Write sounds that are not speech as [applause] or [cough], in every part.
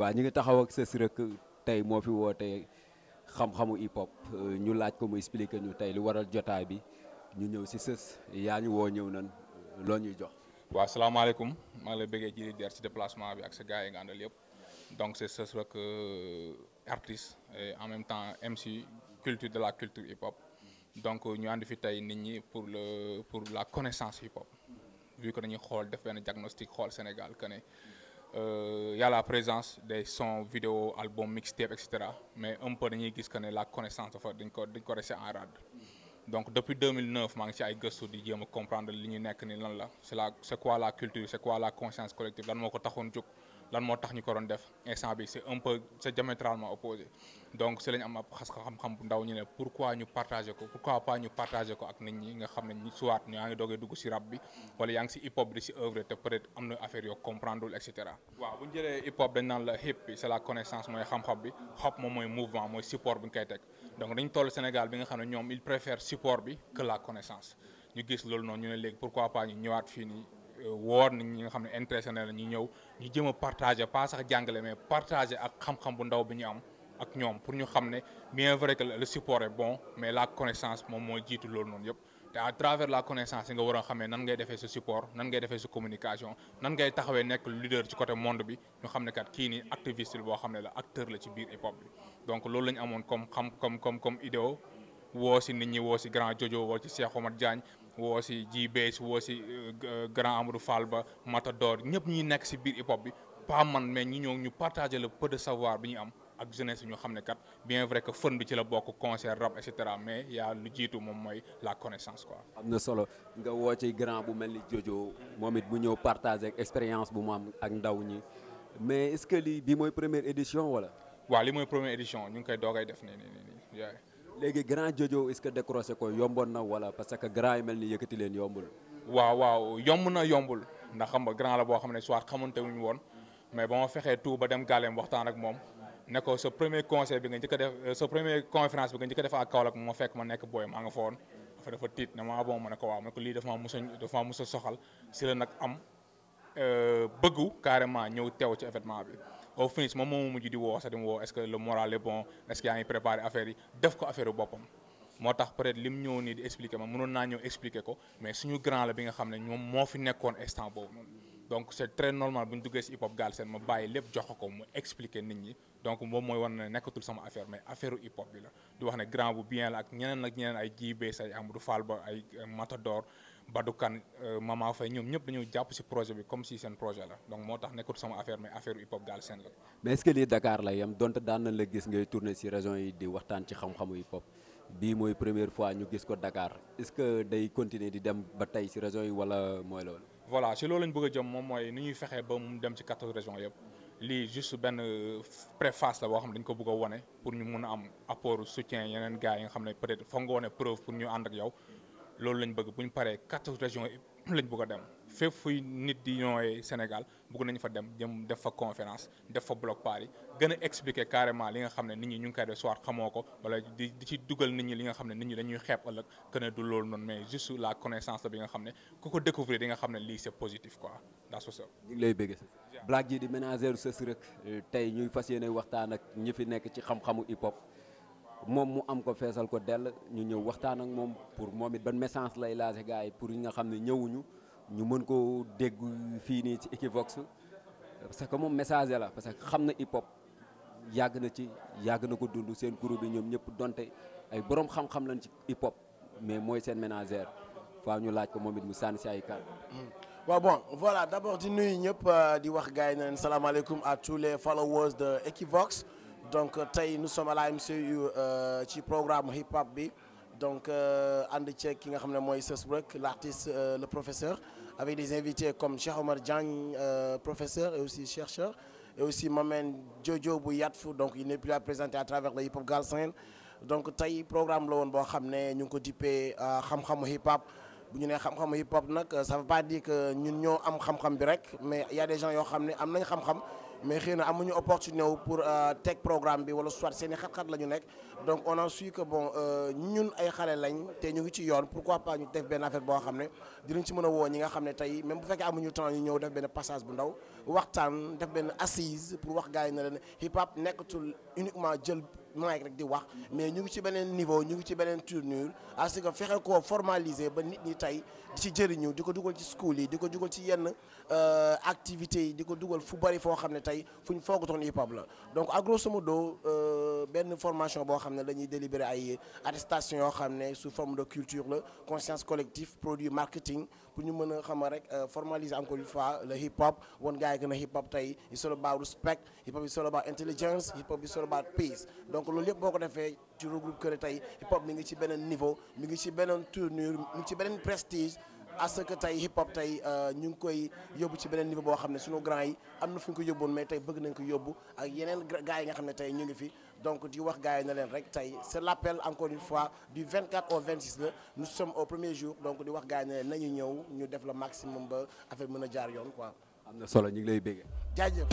waa ñu ngi taxaw ak Seus tey moo fi woo woote xam-xamu hip hop ñu laaj ko mu expliquer ñu tey lu waral jotaay bi ñu ñëw si Seus yaa ñu woo ñëw nan loo ñuy jox. waa salaamaaleykum maa ngi lay bëggee ji der ci déplacement bi ak sa gars yi nga àndal yëpp donc c'est Seus Reuk euh, artiste en même temps MC culture de la culture hip hop donc ñu ànd fi tey nit ñi pour le pour la connaissance hip hop vu que dañuy xool def benn diagnostic xool Sénégal que ne. il euh, y a la présence des sons vidéo albums mixtape et cetera mais un peu dañuy gis que ne la connaissance dafa dañ ko dañ ko resté en rade donc depuis maa ngi ci ay gëstu di jéem comprendre li ñu nekk ni lan la c'est la c'est quoi la culture c'est quoi la conscience collective lan moo ko taxoon jóg lan moo tax ñu ko doon def instant bi c'est un peu c'est diamétralement opposé donc si lañ am xas xam-xam bu ndaw ñu ne pourquoi ñu partager ko pourquoi pas ñu partager ko ak nit ñi nga xam ne ñu soit yaa ngi doogee dugg si rab bi wala yaa ngi si hip hop di si œuvre te peut-être am na affaire yoo comprendre et cetera. bu ñu hip hop dañ naan la hip bi c'est la connaissance mooy xam-xam bi hop mooy mouvement mooy support bi nga koy teg donc dañ toll Sénégal bi nga xam ne ñoom il préfère support bi que gis loolu noonu ñu ne léegi pourquoi pas ñu fii nii woor nit ñi nga xam ne intéressé na ñëw ñu jëm a partagé jàngale mais partagé ak xam-xam bu ndaw bi ñu am ak ñoom pour ñu xam ne bien vrai que le support mais la connaissance moom moo jiitu loolu noonu yëpp te à la connaissance yi nga war xamee nan defee sa support nan defee sa communication nan taxawee nekk leader ci côté monde bi ñu xam ne kat kii nii activiste boo xam ne la acteur la ci biir hip bi donc loolu woo si ji bees woo si euh, grand Amadou Fall ba Matador ñëpp ñu nekk si biir hip hop bi pas man mais ñi ñëw ñu partager le peu de savoir bi ñu am ak jeunesse ñu xam ne kat bien vrai que fën bi ci la bokk concert rap et mais yaa lu jiitu moom mooy la connaissance quoi. am na solo nga woo ci grand bu mel ni Jojo moom it bu ñëw partager expérience bu mu am ak ndaw ñi mais est-ce que lii bi mooy premier édition wala. waaw li mooy première édition ñu ngi koy doogay def nii nii léegi grand jojo est-ce que décroché ko yomboon na wala parce que grand yi mel ni yëkkati leen yombul. waaw waaw yomb na yombul ndax xam nga grand la boo xam ne soit xamante wuñu woon mais ba ma fexee ba dem gàlleem waxtaan ak moom ko sa premier conseil bi nga njëkk def sa premier conférence bi nga njëkk a def ak fekk ma nekk booy maa nga fa woon dafa dafa tiit ne ma ah bon ma ne ko waaw ma ne ko lii dafa maa mus a dafa maa mus a soxal si la nag am euh, bëggu carrément ñëw teew ci événement bi. au finish moom moo mujj di woo sax di mu woo est-ce que le moral est bon est-ce que yaa ngi préparé affaire yi def ko affaire boppam. moo tax peut lim ñëw nii di expliquer ma mënoon naa ñëw expliquer ko mais suñu grand la bi nga xam ne ñoom moo fi nekkoon instant boobu noonu. donc c' est très normal bu ñu duggee si hip hop Galsen ma bàyyi lépp jox ko mu expliquer nit ñi donc moom mooy war na nekkatul sama affaire mais affaire u hip hop bi la di wax ne grand bu bien la ak ñeneen ak ñeneen ay Jibé say Amadou Fall ba ay euh, Matador Badou Kane euh, Mama Faye ñoom ñëpp jàpp si projet bi comme si seen projet la donc moo tax nekkatul sama affaire mais affaire u hip hop Galsen la. mais est ce que lii Dakar la yem donte daan nañ la gis ngay tourner si région yi di waxtaan ci xam-xamu hip hop. bi mooy première fois ñu gis ko dakaar est-ce que day continuer di dem ba tey ci région yi walla mooy loolu. voilà si loolu lañ bëgg a jëm moom mooy ni ñuy fexee ba mu dem ci quatorze régions yëpp lii juste benn préface la boo xam ne dañ ko bëgg a pour ñu mun a am apport soutien yeneen gars yi nga xam ne peut-être foog nga preuve pour ñu ànd ak yow loolu lañ bëgg bu ñu paree quatorze régions lañ bëgg dem. fépp fuy nit di ñooy Sénégal bugg nañu fa dem jëm def fa conférence def fa bloc party gën a expliquer carrément li nga xam ne nit ñi ñu ngi koy def soit xamoo ko wala di di ci dugal nit ñi li nga xam ne nit ñi dañuy xeeb ëllëg que ne du loolu noonu mais juste la connaissance la bi nga xam ne ku ko découvrir di nga xam ne lii c'est positif quoi daa so sew ñu ngi lay bëgg Black ji di ménagère sës rek euh, tey ñuy fas yéene waxtaan ak ñi fi nekk ci xam-xamu hip hop moom mu am ko feesal ko dell ñu ñëw waxtaan ak moom pour moom it ban message lay laajee gars yi pour ñi nga xam ne ñëwuñu ñu mën koo dégg fii nii ci Equivox parce que moom message la parce que xam na hip hop yàgg na ci yàgg na ko dund seen kuréel bi ñoom ñëpp donte ay borom xam-xam lañ ci hip hop mais mooy seen ménagère faaw ñu laaj ko moom it mu sànni si ay kàddu. Hmm. waaw bon voilà d' abord di nuyu ñëpp euh, di wax gars yi naan salaamaaleykum à tous les followers de Equivox donc euh, tey nous sommes à la MCU euh, ci programme hip hop bi. donc euh, ànd ki nga xam ne mooy Sës Brek l'artiste euh, le professeur avec des invités comme Cheikh Omar Diagne euh, professeur et aussi chercheur et aussi Mamène Jojo bu Yatfou donc in n'est plus a présenter à travers le hip hop Galsen donc tey programme la woon boo xam ne ñu ngi ko dippee xam-xamu hip hop bu ñu nee xam-xamu hip hop nag ça veut pas dire que ñun ñoo am xam-xam bi rek mais y des gens yoo xam ne am nañ xam-xam. mais xëy na amuñu opportunité wu pour euh, teg programme bi wala soit seen i xat-xat la ñu nekk donc on a su que bon euh, ñun ay xale lañ te ñu ngi ci yoon pourquoi pas ñu def benn affaire boo xam ne dinañ ci mën a woo ñi nga xam ne tey même bu fekkee amuñu temps ñu ñëw def benn passage bu ndaw waxtaan def benn assise pour wax gars yi ne leen hip hop nekkatul uniquement jël. mic rek di wax mais ñu ngi ci beneen niveau ñu ngi ci beneen tournure parce que fexe koo formaliser ba nit ñi tey ci jëriñu di ko dugal ci school yi di ko dugal ci yenn euh, activités yi di ko dugal fu bari foo xam ne tey fu ñu foogutoon hip hop la donc à grosso euh, benn formation boo xam ne dañuy délibéré ay attestation yoo xam ne sous forme de culture la conscience collective produit marketing pour ñu mën a xam rek euh, formaliser encore une fois le hip hop won gars yi que ne hip hop tey it's all about respect hip hop it's all about intelligence hip hop it's all about peace donc loolu yëpp boo ko defee ci regroupe que tey hip mi ngi ci beneen niveau mi ngi ci beneen tournure mi ngi ci beneen prestige à ce que tey hip hop tey euh, ñu ngi koy yóbbu ci beneen niveau boo xam ne sunu grand yi am na fu ñu ko yóbboon mais tey bëgg nañ ko yóbbu ak yeneen gars yi nga xam ne tey ñu ngi fi donc di wax gars yi na leen rek tey c'est l'appel encore une fois du 24 au 26 la nous sommes au premier jour donc di wax gars yi na leen nañu ñëw ñu def le maximum ba affaire mën a jaar yoon quoi. am na solo ñu ngi lay bégg. jaajëf.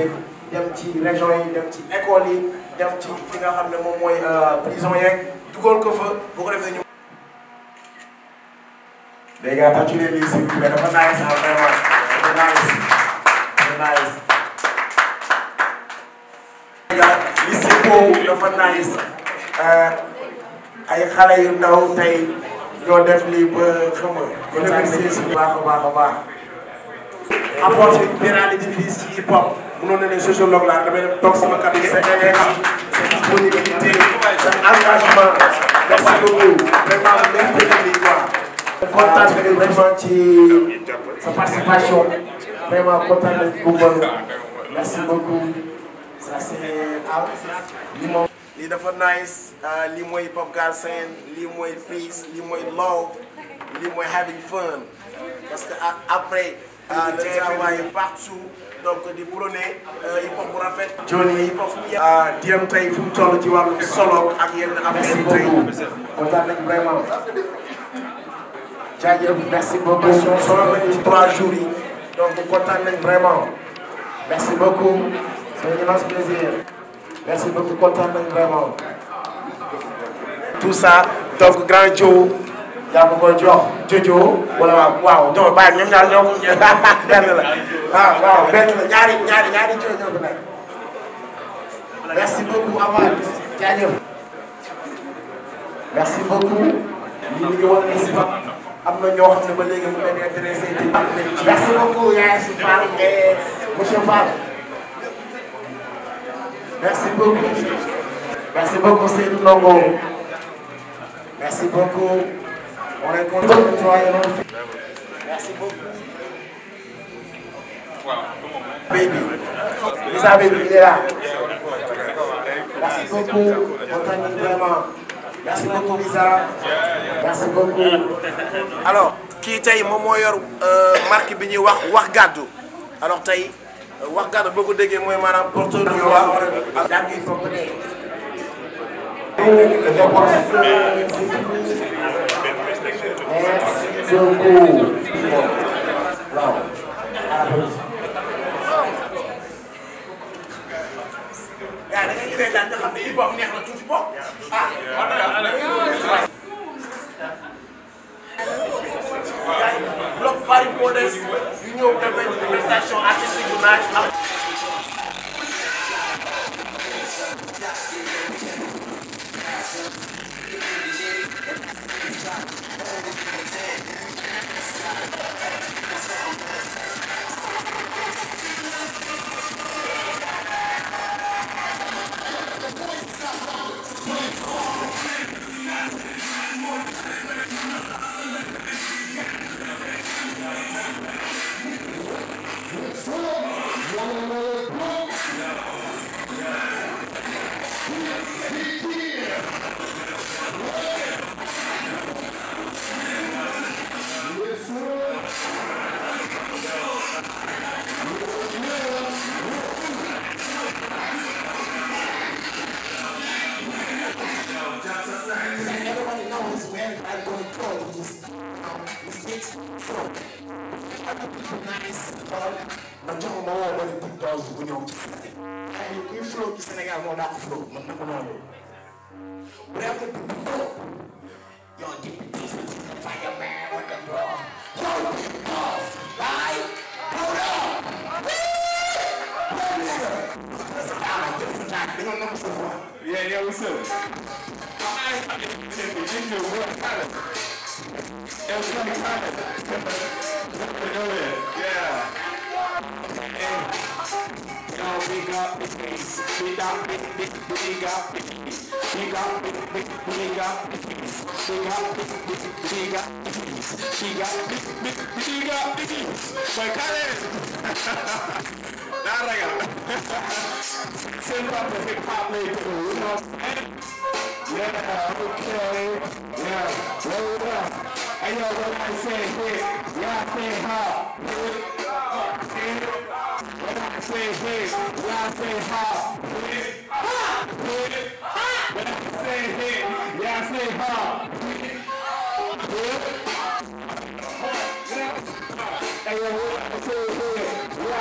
dégg dem ci région yi dem ci école dem ci fi nga xam ne moom mooy euh, prison ko fa boo ko defee ñu. les gars dafa tuddee lii si mais dafa nice si ah, boobu dafa nice euh, ay xale yu tey ñoo def lii ba xam nga. kon daal di baax a baax a baax. apporté une hip hop. mënoon na ne sociologue laa damay dem toog sama cabinet sa émission sa disponibilité sa engagement merci beaucoup vraiment mérité na lii quoi. kontaan nañu vraiment ci sa participation vraiment kontaan nañu bu bon merci beaucoup ça c' est ah li moom. lii dafa nice euh, lii mooy Pape Gall Sène lii mooy peace lii mooy love lii mooy having fun parce que après euh, le travail partout. donc di prôné euh, hip hop bu rafet. Johnny hip hop. Ah, Diem tey fu mu toll ci wàllu solo ak yenn affaire yi tey kontaan nañu vraiment. jaajëf merci beaucoup sonal nañu ci trois jours yi donc kontaan nañu vraiment. merci beaucoup. c'est un immense plaisir. merci beaucoup kontaan nañu vraiment. tout ça donc grand Joe. yaa ngi ko jox Jojo wala waaw donc bàyyi ñoom ñaar ñoo [laughs] benn la. waaw waaw benn la ñaari ñaari ñaari coono ñoo ko nekk. merci beaucoup Amath jaajëf. merci beaucoup. ñu ngi woon nii si am na ñoo xam ne ba léegi mu ngi leen intéressé ci merci beaucoup Yaye Sy Fall et monsieur Fall. merci beaucoup. merci beaucoup Seydou Ndongo. merci beaucoup. on est content de toi Baby. Mr. Baby, il est kii tey moom moo yor euh, marque bi ñuy wax wax gàddu alors tey euh, wax gàddu boo ko déggee mooy maanaam porteur du wax wala. daanaka il faut dañoo nangu sa voix. yaa ngi yow sër. maa ngi fàttali ñu ne ko yéen ñëw wala kaala. yow soo di kaala. dëkk bi ñëwee. yaa. Now we got big things. We got big, big, we got big things. We got big, big, we got big things. We got big, big, we got big things. We got big, big, we got big things. My colors. daa ragal seen papa si paam lay tëdd yu ma yeah okay yeah well done I know what I say here yeah say how when I say here yeah say how when I say here yeah say how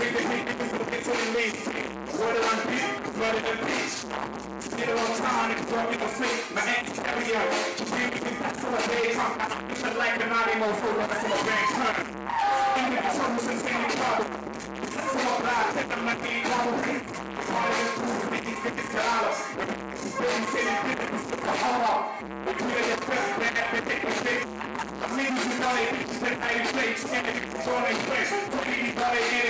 we defeat niggas who get to the least. Water on beat, flooded the beach. Did a long time, niggas brought me no sleep. My aunt's carry out. She dream we can pass all day. Come, I don't feel like an animo, so let's go back home. In the trouble, continue trouble. So I'm glad that I'm not being normal. All you do is make these niggas get out of. Baby said it did it, it's the Bahama. We clear your breath, man, and take a fix. I'm niggas who know they bitches and how they play. Standing, it's on their face. Put anybody in it.